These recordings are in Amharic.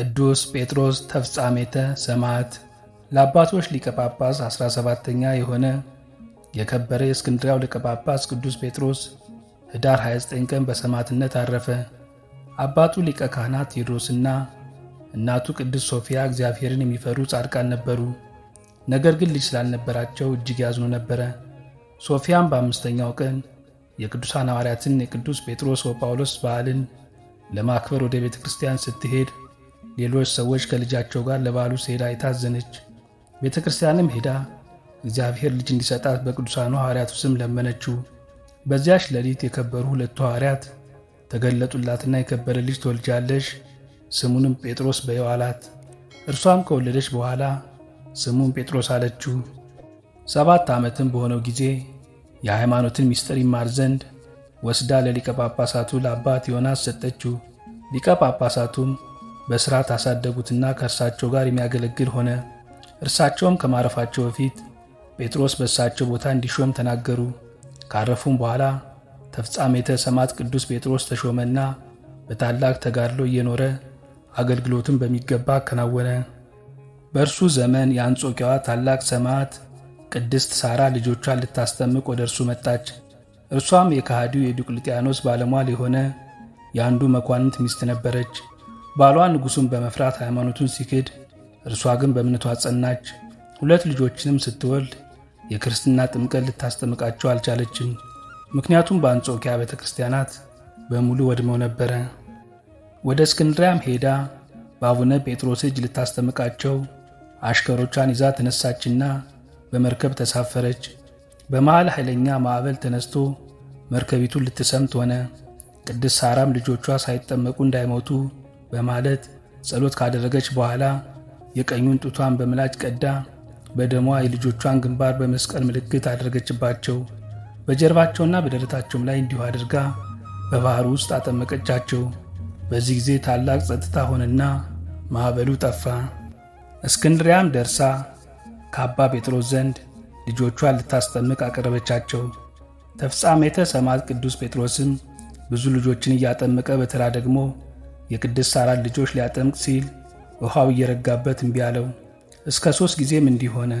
ቅዱስ ጴጥሮስ ተፍጻሜተ ሰማዕት ለአባቶች ሊቀ ጳጳስ 17 ተኛ የሆነ የከበረ የእስክንድሪያው ሊቀ ጳጳስ ቅዱስ ጴጥሮስ ኅዳር 29 ቀን በሰማዕትነት አረፈ። አባቱ ሊቀ ካህናት ቴዎድሮስና እናቱ ቅድስት ሶፊያ እግዚአብሔርን የሚፈሩ ጻድቃን ነበሩ። ነገር ግን ልጅ ስላልነበራቸው እጅግ ያዝኑ ነበረ። ሶፊያም በአምስተኛው ቀን የቅዱሳን ሐዋርያትን የቅዱስ ጴጥሮስ ወጳውሎስ በዓልን ለማክበር ወደ ቤተ ክርስቲያን ስትሄድ ሌሎች ሰዎች ከልጃቸው ጋር ለባሉ ሴዳ የታዘነች ቤተ ክርስቲያንም ሄዳ እግዚአብሔር ልጅ እንዲሰጣት በቅዱሳኑ ሐዋርያቱ ስም ለመነችው። በዚያች ሌሊት የከበሩ ሁለቱ ሐዋርያት ተገለጡላትና የከበረ ልጅ ትወልጃለሽ፣ ስሙንም ጴጥሮስ በይው አላት። እርሷም ከወለደች በኋላ ስሙን ጴጥሮስ አለችው። ሰባት ዓመትም በሆነው ጊዜ የሃይማኖትን ምስጢር ይማር ዘንድ ወስዳ ለሊቀ ጳጳሳቱ ለአባት ዮናስ ሰጠችው። ሊቀ ጳጳሳቱም በሥርዓት አሳደጉትና ከእርሳቸው ጋር የሚያገለግል ሆነ። እርሳቸውም ከማረፋቸው በፊት ጴጥሮስ በእሳቸው ቦታ እንዲሾም ተናገሩ። ካረፉም በኋላ ተፍጻሜተ ሰማዕት ቅዱስ ጴጥሮስ ተሾመና በታላቅ ተጋድሎ እየኖረ አገልግሎቱን በሚገባ አከናወነ። በእርሱ ዘመን የአንጾኪያዋ ታላቅ ሰማዕት ቅድስት ሳራ ልጆቿን ልታስጠምቅ ወደ እርሱ መጣች። እርሷም የካሃዲው የዲዮቅልጥያኖስ ባለሟል የሆነ የአንዱ መኳንንት ሚስት ነበረች። ባሏ ንጉሱን በመፍራት ሃይማኖቱን ሲክድ፣ እርሷ ግን በእምነቷ ጸናች። ሁለት ልጆችንም ስትወልድ የክርስትና ጥምቀት ልታስጠምቃቸው አልቻለችም። ምክንያቱም በአንጾኪያ ቤተ ክርስቲያናት በሙሉ ወድመው ነበረ። ወደ እስክንድሪያም ሄዳ በአቡነ ጴጥሮስ እጅ ልታስጠምቃቸው አሽከሮቿን ይዛ ተነሳችና በመርከብ ተሳፈረች። በመሃል ኃይለኛ ማዕበል ተነስቶ መርከቢቱን ልትሰምጥ ሆነ። ቅድስት ሳራም ልጆቿ ሳይጠመቁ እንዳይሞቱ በማለት ጸሎት ካደረገች በኋላ የቀኙን ጡቷን በምላጭ ቀዳ በደሟ የልጆቿን ግንባር በመስቀል ምልክት አደረገችባቸው። በጀርባቸውና በደረታቸውም ላይ እንዲሁ አድርጋ በባህር ውስጥ አጠመቀቻቸው። በዚህ ጊዜ ታላቅ ጸጥታ ሆነና ማዕበሉ ጠፋ። እስክንድሪያም ደርሳ ከአባ ጴጥሮስ ዘንድ ልጆቿን ልታስጠምቅ አቀረበቻቸው። ተፍጻሜተ ሰማዕት ቅዱስ ጴጥሮስም ብዙ ልጆችን እያጠመቀ በተራ ደግሞ የቅድስት ሳራን ልጆች ሊያጠምቅ ሲል ውሃው እየረጋበት እምቢ አለው። እስከ ሦስት ጊዜም እንዲሆነ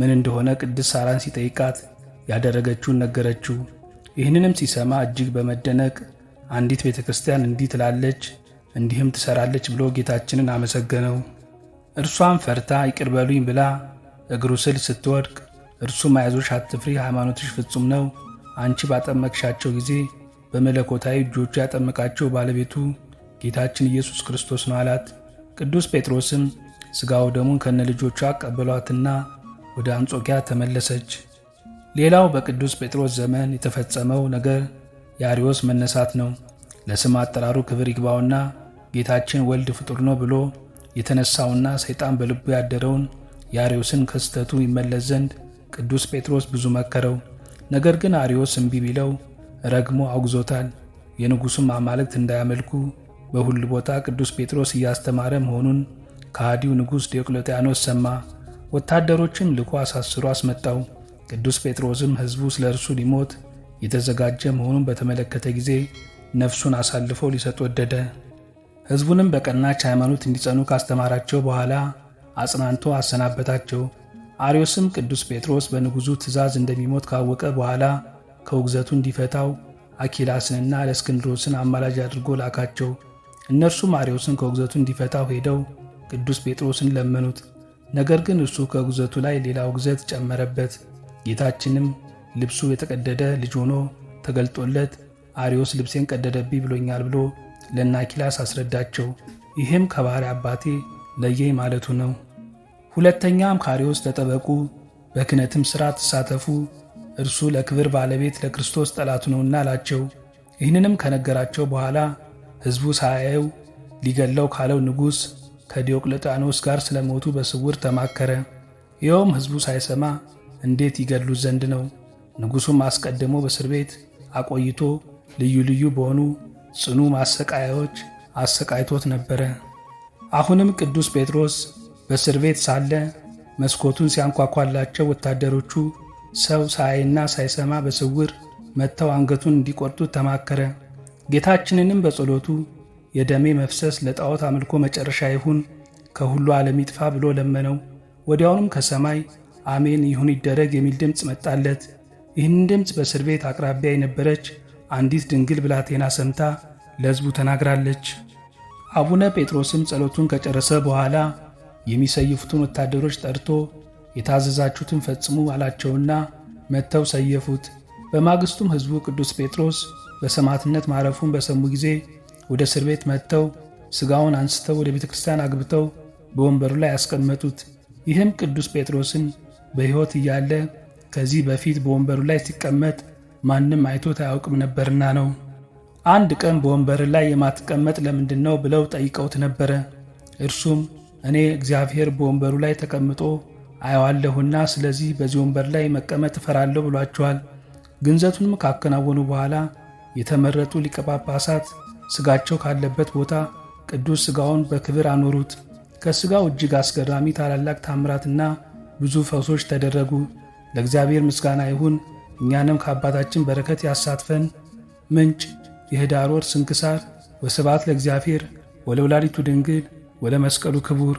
ምን እንደሆነ ቅድስት ሳራን ሲጠይቃት ያደረገችውን ነገረችው። ይህንንም ሲሰማ እጅግ በመደነቅ አንዲት ቤተ ክርስቲያን እንዲህ ትላለች እንዲህም ትሰራለች ብሎ ጌታችንን አመሰገነው። እርሷም ፈርታ ይቅር በሉኝ ብላ እግሩ ስል ስትወድቅ እርሱም አይዞሽ አትፍሪ፣ ሃይማኖትሽ ፍጹም ነው። አንቺ ባጠመቅሻቸው ጊዜ በመለኮታዊ እጆቹ ያጠመቃቸው ባለቤቱ ጌታችን ኢየሱስ ክርስቶስ ነው አላት። ቅዱስ ጴጥሮስም ሥጋው ደሙን ከነ ልጆቿ አቀበሏትና ወደ አንጾኪያ ተመለሰች። ሌላው በቅዱስ ጴጥሮስ ዘመን የተፈጸመው ነገር የአርዮስ መነሳት ነው። ለስም አጠራሩ ክብር ይግባውና ጌታችን ወልድ ፍጡር ነው ብሎ የተነሳውና ሰይጣን በልቡ ያደረውን የአርዮስን ክስተቱ ይመለስ ዘንድ ቅዱስ ጴጥሮስ ብዙ መከረው። ነገር ግን አርዮስ እምቢ ቢለው ረግሞ አውግዞታል። የንጉሱም አማልክት እንዳያመልኩ በሁሉ ቦታ ቅዱስ ጴጥሮስ እያስተማረ መሆኑን ከሃዲው ንጉሥ ዲዮቅለጥያኖስ ሰማ። ወታደሮችን ልኮ አሳስሮ አስመጣው። ቅዱስ ጴጥሮስም ሕዝቡ ስለ እርሱ ሊሞት የተዘጋጀ መሆኑን በተመለከተ ጊዜ ነፍሱን አሳልፎ ሊሰጥ ወደደ። ሕዝቡንም በቀናች ሃይማኖት እንዲጸኑ ካስተማራቸው በኋላ አጽናንቶ አሰናበታቸው። አርዮስም ቅዱስ ጴጥሮስ በንጉሡ ትእዛዝ እንደሚሞት ካወቀ በኋላ ከውግዘቱ እንዲፈታው አኪላስንና ለእስክንድሮስን አማላጅ አድርጎ ላካቸው። እነርሱም አርዮስን ከውግዘቱ እንዲፈታው ሄደው ቅዱስ ጴጥሮስን ለመኑት። ነገር ግን እርሱ ከውግዘቱ ላይ ሌላ ውግዘት ጨመረበት። ጌታችንም ልብሱ የተቀደደ ልጅ ሆኖ ተገልጦለት አርዮስ ልብሴን ቀደደብኝ ብሎኛል ብሎ ለናኪላስ አስረዳቸው። ይህም ከባሕርይ አባቴ ለየኝ ማለቱ ነው። ሁለተኛም ከአርዮስ ተጠበቁ፣ በክህነትም ሥራ ተሳተፉ፣ እርሱ ለክብር ባለቤት ለክርስቶስ ጠላቱ ነውና አላቸው። ይህንንም ከነገራቸው በኋላ ሕዝቡ ሳያየው ሊገለው ካለው ንጉሥ ከዲዮቅለጣኖስ ጋር ስለ ሞቱ በስውር ተማከረ። ይኸውም ሕዝቡ ሳይሰማ እንዴት ይገድሉት ዘንድ ነው። ንጉሡም አስቀድሞ በእስር ቤት አቆይቶ ልዩ ልዩ በሆኑ ጽኑ ማሰቃያዎች አሰቃይቶት ነበረ። አሁንም ቅዱስ ጴጥሮስ በእስር ቤት ሳለ መስኮቱን ሲያንኳኳላቸው ወታደሮቹ ሰው ሳያይና ሳይሰማ በስውር መጥተው አንገቱን እንዲቆርጡት ተማከረ። ጌታችንንም በጸሎቱ የደሜ መፍሰስ ለጣዖት አምልኮ መጨረሻ ይሁን ከሁሉ ዓለም ይጥፋ ብሎ ለመነው። ወዲያውኑም ከሰማይ አሜን ይሁን ይደረግ የሚል ድምፅ መጣለት። ይህንን ድምፅ በእስር ቤት አቅራቢያ የነበረች አንዲት ድንግል ብላቴና ሰምታ ለሕዝቡ ተናግራለች። አቡነ ጴጥሮስም ጸሎቱን ከጨረሰ በኋላ የሚሰይፉትን ወታደሮች ጠርቶ የታዘዛችሁትን ፈጽሙ አላቸውና መጥተው ሰየፉት። በማግስቱም ሕዝቡ ቅዱስ ጴጥሮስ በሰማዕትነት ማረፉን በሰሙ ጊዜ ወደ እስር ቤት መጥተው ሥጋውን አንስተው ወደ ቤተ ክርስቲያን አግብተው በወንበሩ ላይ ያስቀመጡት። ይህም ቅዱስ ጴጥሮስን በሕይወት እያለ ከዚህ በፊት በወንበሩ ላይ ሲቀመጥ ማንም አይቶት አያውቅም ነበርና ነው። አንድ ቀን በወንበር ላይ የማትቀመጥ ለምንድን ነው ብለው ጠይቀውት ነበረ። እርሱም እኔ እግዚአብሔር በወንበሩ ላይ ተቀምጦ አየዋለሁና ስለዚህ በዚህ ወንበር ላይ መቀመጥ እፈራለሁ ብሏቸዋል። ግንዘቱንም ካከናወኑ በኋላ የተመረጡ ሊቀ ጳጳሳት ሥጋቸው ካለበት ቦታ ቅዱስ ሥጋውን በክብር አኖሩት። ከሥጋው እጅግ አስገራሚ ታላላቅ ታምራትና ብዙ ፈውሶች ተደረጉ። ለእግዚአብሔር ምስጋና ይሁን። እኛንም ከአባታችን በረከት ያሳትፈን። ምንጭ የኅዳር ወር ስንክሳር። ወስብሐት ለእግዚአብሔር ወለወላዲቱ ድንግል ወለመስቀሉ ክቡር